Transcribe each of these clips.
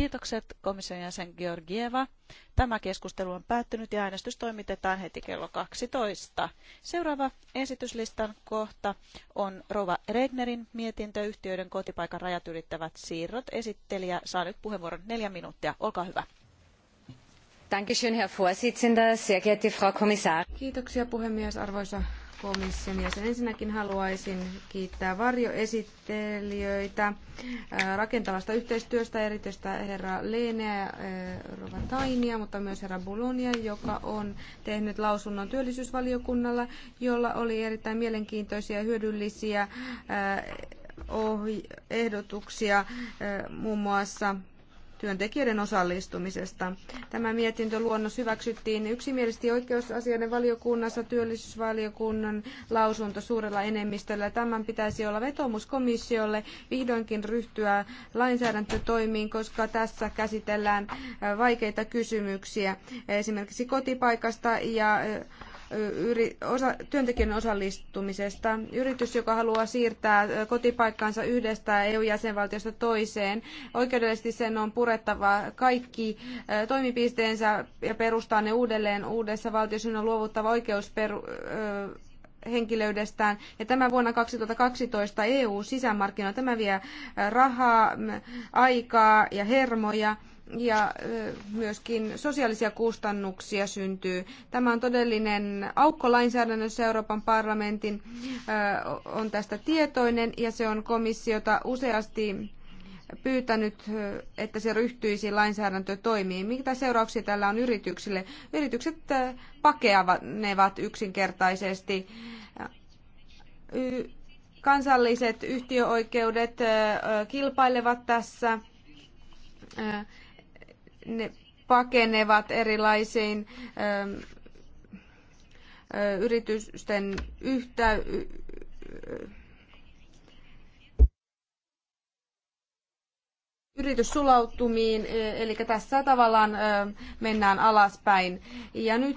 Kiitokset komission jäsen Georgieva. Tämä keskustelu on päättynyt ja äänestys toimitetaan heti kello 12. Seuraava esityslistan kohta on Rova Regnerin mietintö yhtiöiden kotipaikan rajat ylittävät siirrot. Esittelijä saa nyt puheenvuoron neljä minuuttia. Olkaa hyvä. Dankeschön, Herr Vorsitzender, sehr geehrte Frau Kommissar. Kiitoksia puhemies, arvoisa komission jäsen. Ensinnäkin haluaisin kiittää varjoesittelijöitä rakentavasta yhteistyöstä, erityisesti herra Leeneä ja Rova Tainia, mutta myös herra Bulonia, joka on tehnyt lausunnon työllisyysvaliokunnalla, jolla oli erittäin mielenkiintoisia ja hyödyllisiä ehdotuksia muun muassa työntekijöiden osallistumisesta. Tämä mietintöluonnos hyväksyttiin yksimielisesti oikeusasioiden valiokunnassa työllisyysvaliokunnan lausunto suurella enemmistöllä. Tämän pitäisi olla vetomus komissiolle vihdoinkin ryhtyä lainsäädäntötoimiin, koska tässä käsitellään vaikeita kysymyksiä esimerkiksi kotipaikasta ja yri, osa, työntekijän osallistumisesta. Yritys, joka haluaa siirtää kotipaikkansa yhdestä EU-jäsenvaltiosta toiseen, oikeudellisesti sen on purettava kaikki toimipisteensä ja perustaa ne uudelleen uudessa valtiossa, on luovuttava oikeus peru, henkilöydestään. Ja tämä vuonna 2012 EU-sisämarkkinoilla tämä vie rahaa, aikaa ja hermoja ja myöskin sosiaalisia kustannuksia syntyy. Tämä on todellinen aukko lainsäädännössä. Euroopan parlamentin on tästä tietoinen ja se on komissiota useasti pyytänyt, että se ryhtyisi lainsäädäntötoimiin. Mitä seurauksia tällä on yrityksille? Yritykset pakeavat yksinkertaisesti. Kansalliset yhtiöoikeudet kilpailevat tässä ne pakenevat erilaisiin ähm, äh, yritysten yhtä, yrityssulautumiin, e, eli tässä tavallaan mennään alaspäin. Ja nyt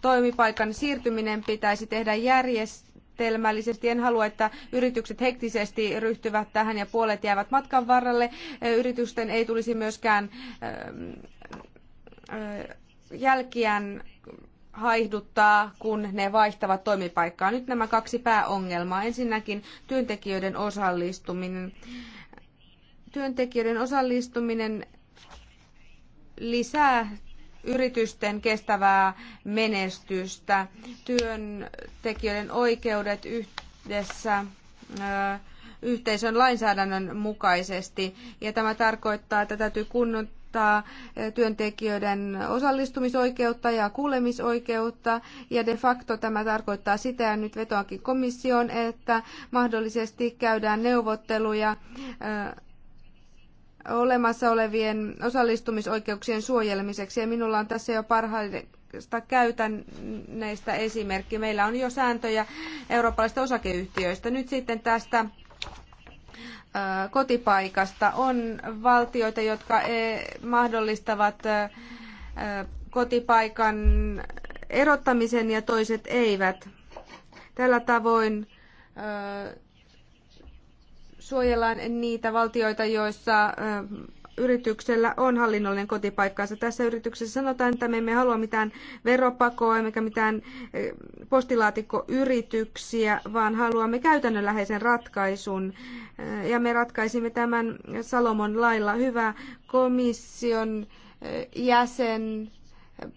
toimipaikan siirtyminen pitäisi tehdä järjest järjestelmällisesti. En halua, että yritykset hektisesti ryhtyvät tähän ja puolet jäävät matkan varrelle. Yritysten ei tulisi myöskään jälkiään haihduttaa, kun ne vaihtavat toimipaikkaa. Nyt nämä kaksi pääongelmaa. Ensinnäkin työntekijöiden osallistuminen. Työntekijöiden osallistuminen lisää yritysten kestävää menestystä, työntekijöiden oikeudet yhdessä yhteisön lainsäädännön mukaisesti. Ja tämä tarkoittaa, että täytyy kunnioittaa työntekijöiden osallistumisoikeutta ja kuulemisoikeutta. Ja de facto tämä tarkoittaa sitä, ja nyt vetoankin komissioon, että mahdollisesti käydään neuvotteluja olemassa olevien osallistumisoikeuksien suojelemiseksi. Ja minulla on tässä jo parhaista käytännöistä esimerkki. Meillä on jo sääntöjä eurooppalaisista osakeyhtiöistä. Nyt sitten tästä kotipaikasta on valtioita, jotka e, mahdollistavat kotipaikan erottamisen ja toiset eivät. Tällä tavoin suojellaan niitä valtioita, joissa yrityksellä on hallinnollinen kotipaikkansa. Tässä yrityksessä sanotaan, että me emme halua mitään veropakoa emmekä mitään postilaatikkoyrityksiä, vaan haluamme käytännönläheisen ratkaisun. Ja me ratkaisimme tämän Salomon lailla. Hyvä komission jäsen,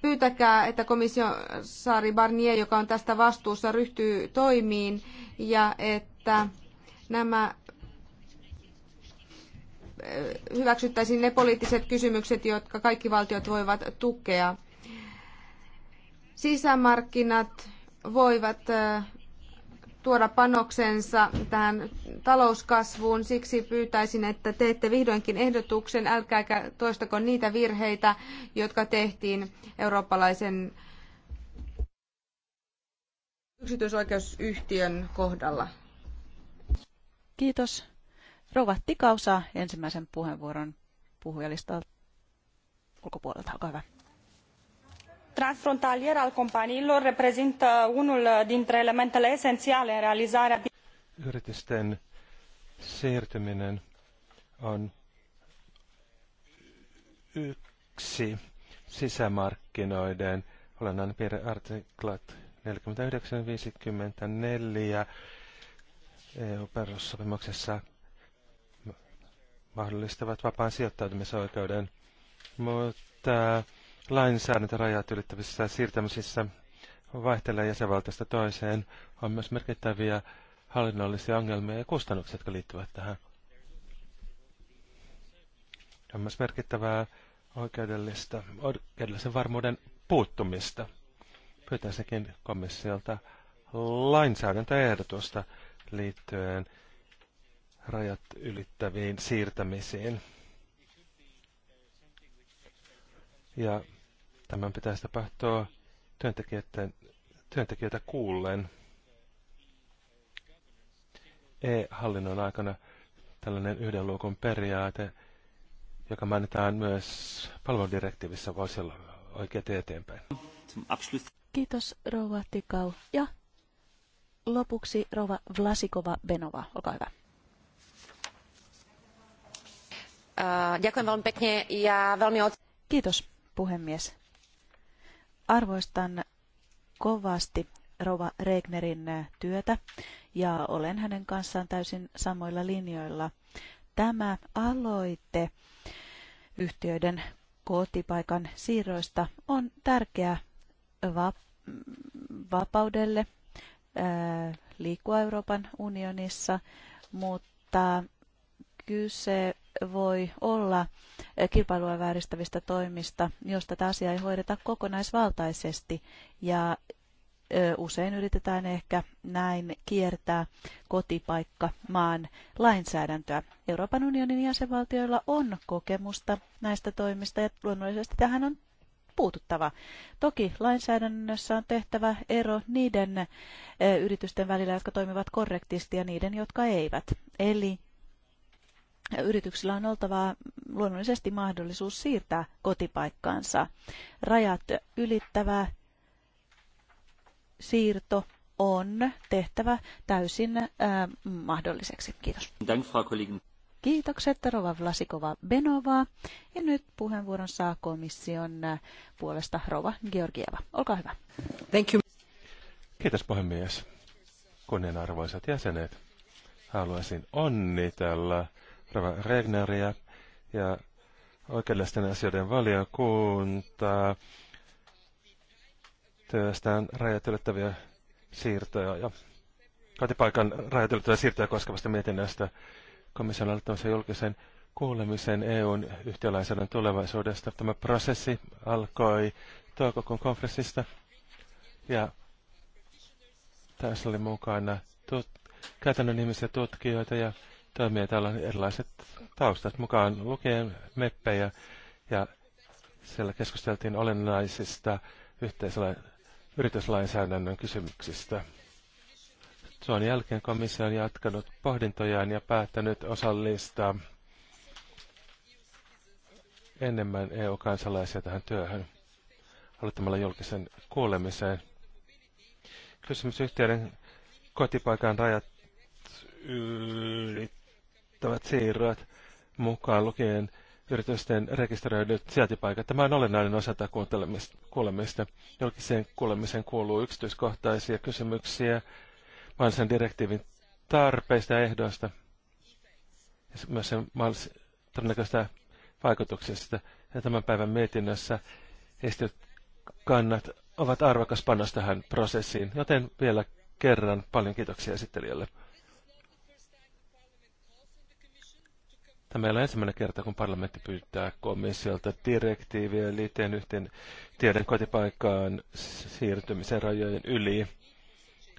pyytäkää, että komissaari Barnier, joka on tästä vastuussa, ryhtyy toimiin ja että nämä hyväksyttäisiin ne poliittiset kysymykset, jotka kaikki valtiot voivat tukea. Sisämarkkinat voivat tuoda panoksensa tähän talouskasvuun. Siksi pyytäisin, että teette vihdoinkin ehdotuksen. Älkääkä toistako niitä virheitä, jotka tehtiin eurooppalaisen yksityisoikeusyhtiön kohdalla. Kiitos. Rouva Tikau saa ensimmäisen puheenvuoron puhujalistalta ulkopuolelta. Olkaa hyvä. Transfrontalier al companiilor reprezintă unul dintre elementele esențiale în realizarea... Yritysten siirtyminen on yksi sisämarkkinoiden olennainen piirre artiklat 49-54 EU-perussopimuksessa mahdollistavat vapaan sijoittautumisoikeuden, mutta rajat ylittävissä siirtämisissä vaihtelee jäsenvaltiosta toiseen. On myös merkittäviä hallinnollisia ongelmia ja kustannuksia, jotka liittyvät tähän. On myös merkittävää oikeudellista, oikeudellisen varmuuden puuttumista. Pyytäisinkin komissiolta lainsäädäntöehdotusta liittyen rajat ylittäviin siirtämisiin. Ja tämän pitäisi tapahtua työntekijöiden, työntekijöitä kuulleen. E-hallinnon aikana tällainen yhden luokun periaate, joka mainitaan myös palveludirektiivissä, voisi olla oikea eteenpäin. Kiitos rouva Tikau. Ja lopuksi Rova Vlasikova Benova, olkaa hyvä. Eh, ďakujem veľmi pekne. Ja veľmi Kiitos, puhemies. Arvoistan kovasti Rova Regnerin eh, työtä ja olen hänen kanssaan täysin samoilla linjoilla. Tämä aloite yhtiöiden kotipaikan siirroista on tärkeä vapaudelle eh, liikkua Euroopan unionissa, mutta kyse voi olla kilpailua vääristävistä toimista, jos tätä asiaa ei hoideta kokonaisvaltaisesti. Ja usein yritetään ehkä näin kiertää kotipaikka maan lainsäädäntöä. Euroopan unionin jäsenvaltioilla on kokemusta näistä toimista ja luonnollisesti tähän on puututtava. Toki lainsäädännössä on tehtävä ero niiden yritysten välillä, jotka toimivat korrektisti ja niiden, jotka eivät. Eli yrityksillä on oltava luonnollisesti mahdollisuus siirtää kotipaikkaansa. Rajat ylittävä siirto on tehtävä täysin äh, mahdolliseksi. Kiitos. Dank, Frau Kiitokset Rova Vlasikova Benova Ja nyt puheenvuoron saa komission äh, puolesta Rova Georgieva. Olkaa hyvä. Thank you. Kiitos puhemies. arvoisat jäsenet. Haluaisin onnitella Rava Regneria ja oikeudellisten asioiden valiokunta työstään rajat ylittäviä siirtoja ja kotipaikan rajat ylittäviä siirtoja koskevasta mietinnöstä komission aloittamisen julkisen kuulemisen EUn yhtiölainsäädännön tulevaisuudesta. Tämä prosessi alkoi toukokuun konferenssista ja tässä oli mukana tut- käytännön ihmisiä tutkijoita ja toimia. Täällä on erilaiset taustat mukaan lukien meppejä ja siellä keskusteltiin olennaisista yhteisöllä yrityslainsäädännön kysymyksistä. Tuon jälkeen komissio on jatkanut pohdintojaan ja päättänyt osallistaa enemmän EU-kansalaisia tähän työhön aloittamalla julkisen kuulemiseen. Kysymysyhtiöiden kotipaikan rajat ylittää merkittävät siirrot mukaan lukien yritysten rekisteröidyt sijaintipaikat. Tämä on olennainen osa tätä kuulemista. Julkiseen kuulemiseen kuuluu yksityiskohtaisia kysymyksiä mahdollisen direktiivin tarpeista ja ehdoista ja myös sen todennäköistä vaikutuksista. Ja tämän päivän mietinnössä esitetyt kannat ovat arvokas panos tähän prosessiin, joten vielä kerran paljon kiitoksia esittelijälle. Tämä meillä on ensimmäinen kerta, kun parlamentti pyytää komissiolta direktiiviä liittyen yhteen tiedon kotipaikkaan siirtymisen rajojen yli.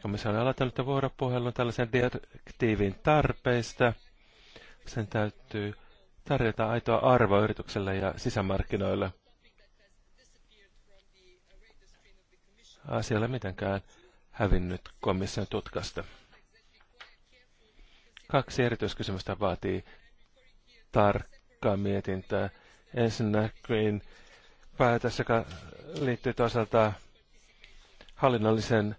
Komissio on aloittanut vuoropuhelun tällaisen direktiivin tarpeista. Sen täytyy tarjota aitoa arvoa yritykselle ja sisämarkkinoille. Asia ei ole mitenkään hävinnyt komission tutkasta. Kaksi erityiskysymystä vaatii tarkkaa mietintää. Ensinnäkin päätös, joka liittyy toisaalta hallinnollisen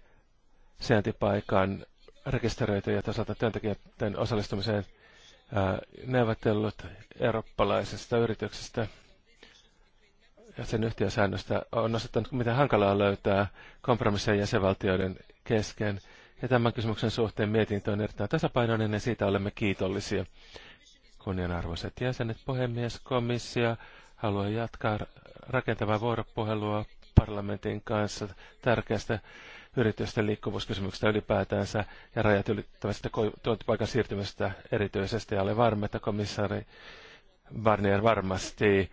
sijaintipaikan rekisteröity ja toisaalta työntekijöiden osallistumiseen neuvottelut eurooppalaisesta yrityksestä ja sen yhtiösäännöstä on osoittanut, miten hankalaa löytää kompromisseja jäsenvaltioiden kesken. Ja tämän kysymyksen suhteen mietintö on erittäin tasapainoinen ja siitä olemme kiitollisia. Kunnianarvoiset jäsenet, puhemies, komissio haluaa jatkaa rakentavaa vuoropuhelua parlamentin kanssa tärkeästä yritysten liikkuvuuskysymyksestä ylipäätänsä ja rajat ylittävästä tuontipaikan siirtymistä erityisesti. Ja olen varma, että komissaari Barnier varmasti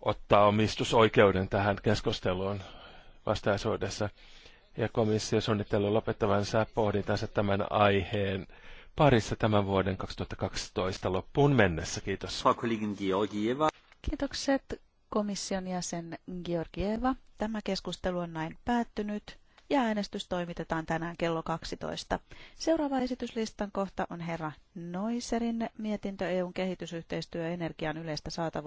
ottaa omistusoikeuden tähän keskusteluun vastaisuudessa. Ja komissio suunnittelee lopettavansa pohdintansa tämän aiheen parissa tämän vuoden 2012 loppuun mennessä. Kiitos. Kiitokset komission jäsen Georgieva. Tämä keskustelu on näin päättynyt ja äänestys toimitetaan tänään kello 12. Seuraava esityslistan kohta on herra Noiserin mietintö EUn kehitysyhteistyö energian yleistä saatavuutta.